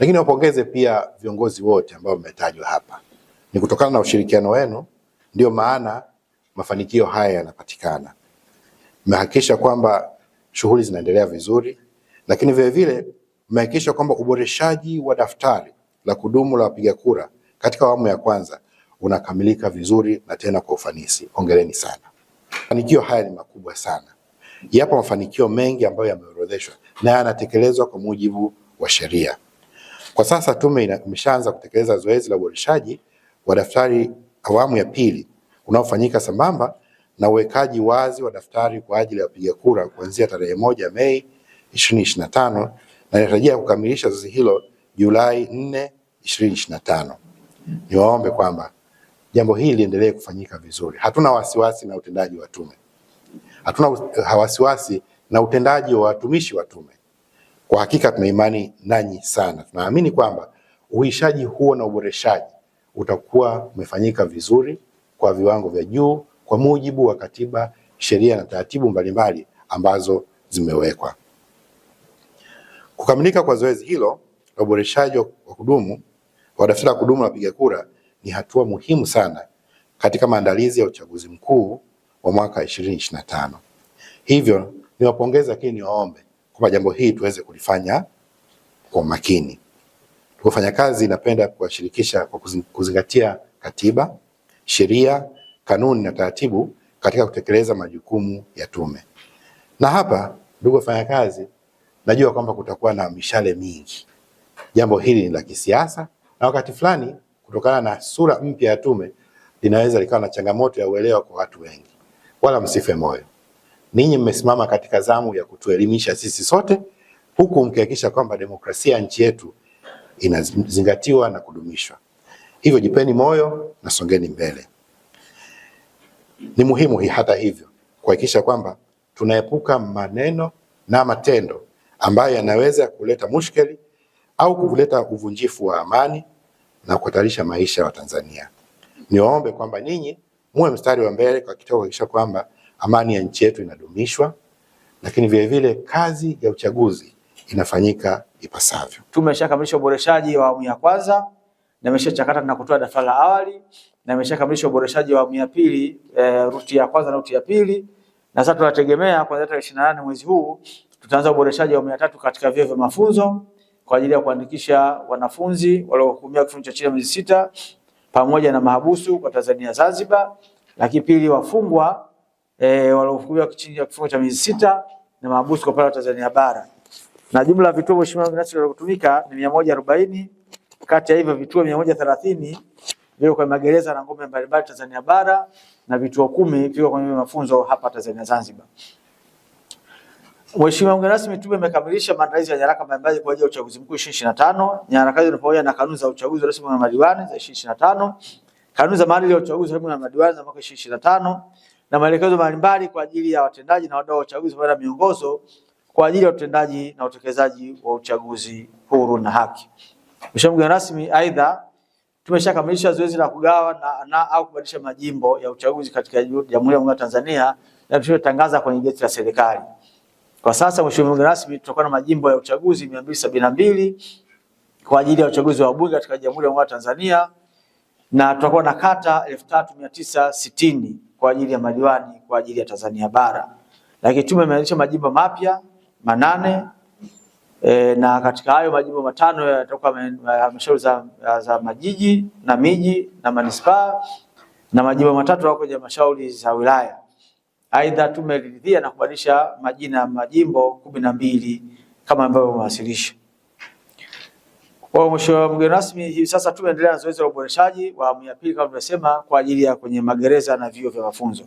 Lakini wapongeze pia viongozi wote ambao wametajwa hapa. Ni kutokana na ushirikiano wenu ndio maana mafanikio haya yanapatikana. Mmehakikisha kwamba shughuli zinaendelea vizuri, lakini vilevile mmehakikisha kwamba uboreshaji wa daftari la kudumu la wapiga kura katika awamu ya kwanza unakamilika vizuri na tena kwa ufanisi. Hongereni sana. Mafanikio haya ni makubwa sana. Yapo mafanikio mengi ambayo yameorodheshwa na yanatekelezwa kwa mujibu wa sheria. Kwa sasa tume imeshaanza kutekeleza zoezi la uboreshaji wa daftari awamu ya pili unaofanyika sambamba na uwekaji wazi wa daftari kwa ajili ya wapiga kura kuanzia tarehe moja Mei 2025 na inatarajia kukamilisha zoezi hilo Julai 4, 2025. Niwaombe kwamba jambo hili liendelee kufanyika vizuri. Hatuna wasiwasi na utendaji wa tume, hatuna eh, wasiwasi na utendaji wa watumishi wa tume, kwa hakika tuna imani nanyi sana, tunaamini kwamba uishaji huo na uboreshaji utakuwa umefanyika vizuri kwa viwango vya juu kwa mujibu wa katiba, sheria na taratibu mbalimbali ambazo zimewekwa. Kukamilika kwa zoezi hilo la uboreshaji wa kudumu wa daftari la kudumu la wapiga kura ni hatua muhimu sana katika maandalizi ya uchaguzi mkuu wa mwaka 2025. Hivyo niwapongeze, lakini niwaombe kwamba jambo hili tuweze kulifanya kwa makini. kazi napenda kuwashirikisha kwa kuzingatia katiba, sheria, kanuni na taratibu katika kutekeleza majukumu ya tume. Na hapa, ndugu wafanyakazi, najua kwamba kutakuwa na mishale mingi. Jambo hili ni la kisiasa na wakati fulani, kutokana na sura mpya ya tume, linaweza likawa na changamoto ya uelewa kwa watu wengi. Wala msife moyo ninyi mmesimama katika zamu ya kutuelimisha sisi sote, huku mkihakikisha kwamba demokrasia ya nchi yetu inazingatiwa na kudumishwa. Hivyo jipeni moyo na songeni mbele. Ni muhimu hii hata hivyo kuhakikisha kwamba tunaepuka maneno na matendo ambayo yanaweza kuleta mushkeli au kuleta uvunjifu wa amani na kuhatarisha maisha ya Watanzania. Niwaombe kwamba ninyi muwe mstari wa mbele kwa kitendo kuhakikisha kwamba amani ya nchi yetu inadumishwa, lakini vile vile kazi ya uchaguzi inafanyika ipasavyo. Tumeshakamilisha uboreshaji wa awamu ya kwanza na imeshachakata na kutoa daftari la awali na imeshakamilisha uboreshaji wa awamu ya pili e, ruti ya kwanza na ruti ya pili, na sasa tunategemea kuanzia tarehe ishirini na nane mwezi huu tutaanza uboreshaji wa awamu ya tatu katika vyuo vya mafunzo kwa ajili ya kuandikisha wanafunzi waliohukumiwa kifungo cha chini ya miezi sita pamoja na mahabusu kwa Tanzania Zanzibar, lakini pili wafungwa e, waliohukumiwa chini kifungo cha miezi sita na mahabusu kwa pale Tanzania bara. Na jumla ya vituo mheshimiwa binafsi vilivyotumika ni mia moja arobaini. Kati ya hivyo vituo mia moja thelathini viko kwa magereza na ngome mbalimbali Tanzania bara na vituo kumi viko kwenye mafunzo hapa Tanzania Zanzibar. Mheshimiwa mgeni rasmi, tume imekamilisha maandalizi ya nyaraka mbalimbali kwa ajili ya uchaguzi mkuu 2025. Nyaraka hizo ni pamoja na kanuni za uchaguzi rasmi na madiwani za 2025, kanuni za maadili ya uchaguzi rasmi na madiwani za mwaka 2025, na maelekezo mbalimbali kwa ajili ya watendaji na wadau wa uchaguzi pamoja na miongozo kwa ajili ya utendaji na utekelezaji wa uchaguzi huru na haki. Mheshimiwa mgeni rasmi, aidha tumeshakamilisha zoezi la kugawa na, na, au kubadilisha majimbo ya uchaguzi katika Jamhuri ya Muungano wa Tanzania na tumetangaza kwenye gazeti la serikali. Kwa sasa Mheshimiwa mgeni rasmi, tutakuwa na majimbo ya uchaguzi 272 kwa ajili ya uchaguzi wa bunge katika Jamhuri ya Muungano wa Tanzania na tutakuwa na kata 3960 kwa ajili ya madiwani kwa ajili ya Tanzania bara, lakini tume imeanzisha majimbo mapya manane e, na katika hayo majimbo matano yatakuwa halmashauri za, za majiji na miji na manispaa na majimbo matatu yako kwenye halmashauri za wilaya. Aidha, tume iliridhia na kubadilisha majina ya majimbo kumi na mbili kama ambavyo mawasilisho kwa mheshimiwa mgeni rasmi, hivi sasa tumeendelea na zoezi la uboreshaji wa awamu ya pili kama tumesema, kwa ajili ya kwenye magereza na vyuo vya mafunzo.